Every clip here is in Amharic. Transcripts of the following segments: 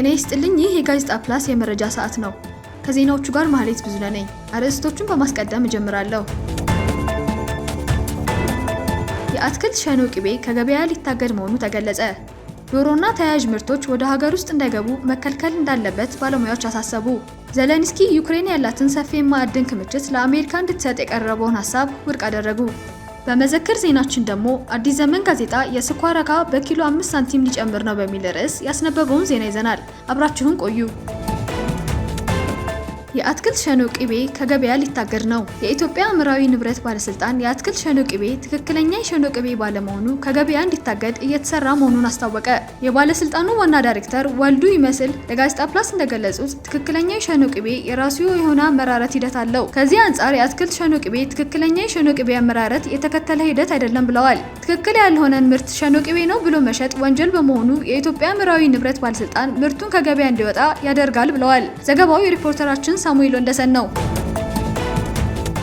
ጤና ይስጥልኝ። ይህ የጋዜጣ ፕላስ የመረጃ ሰዓት ነው። ከዜናዎቹ ጋር ማህሌት ብዙ ነኝ። አርዕስቶቹን በማስቀደም እጀምራለሁ። የአትክልት ሸኖ ቅቤ ከገበያ ሊታገድ መሆኑ ተገለጸ። ዶሮና ተያያዥ ምርቶች ወደ ሀገር ውስጥ እንዳይገቡ መከልከል እንዳለበት ባለሙያዎች አሳሰቡ። ዘለንስኪ ዩክሬን ያላትን ሰፊ የማዕድን ክምችት ለአሜሪካ እንድትሰጥ የቀረበውን ሀሳብ ውድቅ አደረጉ። በመዘክር ዜናችን ደግሞ አዲስ ዘመን ጋዜጣ የስኳር ዋጋ በኪሎ 5 ሳንቲም ሊጨምር ነው በሚል ርዕስ ያስነበበውን ዜና ይዘናል። አብራችሁን ቆዩ። የአትክልት ሸኖ ቅቤ ከገበያ ሊታገድ ነው። የኢትዮጵያ አእምሯዊ ንብረት ባለስልጣን የአትክልት ሸኖ ቅቤ ትክክለኛ የሸኖ ቅቤ ባለመሆኑ ከገበያ እንዲታገድ እየተሰራ መሆኑን አስታወቀ። የባለስልጣኑ ዋና ዳይሬክተር ወልዱ ይመስል ለጋዜጣ ፕላስ እንደገለጹት ትክክለኛ የሸኖ ቅቤ የራሱ የሆነ አመራረት ሂደት አለው። ከዚህ አንጻር የአትክልት ሸኖ ቅቤ ትክክለኛ የሸኖ ቅቤ አመራረት የተከተለ ሂደት አይደለም ብለዋል። ትክክል ያልሆነን ምርት ሸኖ ቅቤ ነው ብሎ መሸጥ ወንጀል በመሆኑ የኢትዮጵያ ምራዊ ንብረት ባለስልጣን ምርቱን ከገበያ እንዲወጣ ያደርጋል ብለዋል። ዘገባው የሪፖርተራችን ሳሙኤል ወንደሰን ነው።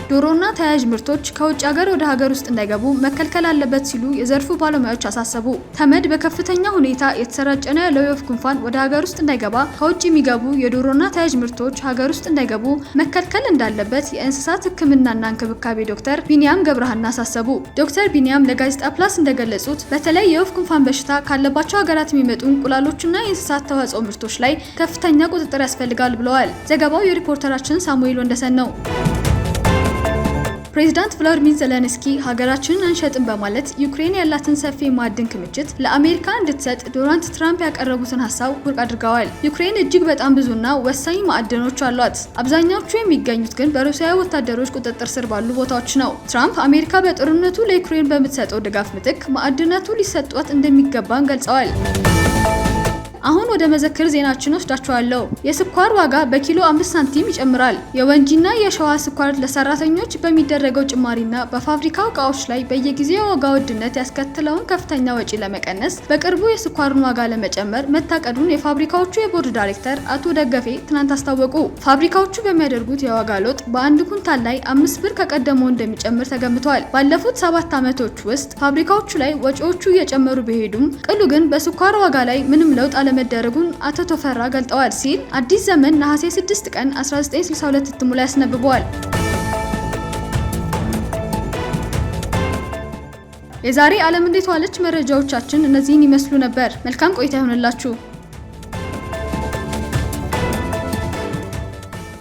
ዶሮና ተያያዥ ምርቶች ከውጭ ሀገር ወደ ሀገር ውስጥ እንዳይገቡ መከልከል አለበት ሲሉ የዘርፉ ባለሙያዎች አሳሰቡ። ተመድ በከፍተኛ ሁኔታ የተሰራጨ ነው ያለው የወፍ ጉንፋን ወደ ሀገር ውስጥ እንዳይገባ ከውጭ የሚገቡ የዶሮና ተያያዥ ምርቶች ሀገር ውስጥ እንዳይገቡ መከልከል እንዳለበት የእንስሳት ሕክምናና እንክብካቤ ዶክተር ቢኒያም ገብረሃና አሳሰቡ። ዶክተር ቢኒያም ለጋዜጣ ፕላስ እንደገለጹት በተለይ የወፍ ጉንፋን በሽታ ካለባቸው ሀገራት የሚመጡ እንቁላሎችና የእንስሳት ተዋጽኦ ምርቶች ላይ ከፍተኛ ቁጥጥር ያስፈልጋል ብለዋል። ዘገባው የሪፖርተራችን ሳሙኤል ወንደሰን ነው። ፕሬዚዳንት ቭላዲሚር ዘለንስኪ ሀገራችንን አንሸጥም በማለት ዩክሬን ያላትን ሰፊ ማዕድን ክምችት ለአሜሪካ እንድትሰጥ ዶናልድ ትራምፕ ያቀረቡትን ሀሳብ ውድቅ አድርገዋል። ዩክሬን እጅግ በጣም ብዙና ወሳኝ ማዕድኖች አሏት። አብዛኛዎቹ የሚገኙት ግን በሩሲያ ወታደሮች ቁጥጥር ስር ባሉ ቦታዎች ነው። ትራምፕ አሜሪካ በጦርነቱ ለዩክሬን በምትሰጠው ድጋፍ ምትክ ማዕድናቱ ሊሰጧት እንደሚገባን ገልጸዋል። አሁን ወደ መዘክር ዜናችን ወስዳችኋለሁ። የስኳር ዋጋ በኪሎ 5 ሳንቲም ይጨምራል። የወንጂና የሸዋ ስኳር ለሰራተኞች በሚደረገው ጭማሪና በፋብሪካው እቃዎች ላይ በየጊዜው ዋጋ ውድነት ያስከትለውን ከፍተኛ ወጪ ለመቀነስ በቅርቡ የስኳርን ዋጋ ለመጨመር መታቀዱን የፋብሪካዎቹ የቦርድ ዳይሬክተር አቶ ደገፌ ትናንት አስታወቁ። ፋብሪካዎቹ በሚያደርጉት የዋጋ ለውጥ በአንድ ኩንታል ላይ አምስት ብር ከቀደመው እንደሚጨምር ተገምቷል። ባለፉት ሰባት ዓመቶች ውስጥ ፋብሪካዎቹ ላይ ወጪዎቹ እየጨመሩ ቢሄዱም ቅሉ ግን በስኳር ዋጋ ላይ ምንም ለውጥ አለ መደረጉን አቶ ተፈራ ገልጠዋል ሲል አዲስ ዘመን ነሐሴ 6 ቀን 1962 እትሙ ላይ ያስነብበዋል። የዛሬ ዓለም እንዴት ዋለች መረጃዎቻችን እነዚህን ይመስሉ ነበር። መልካም ቆይታ ይሆንላችሁ።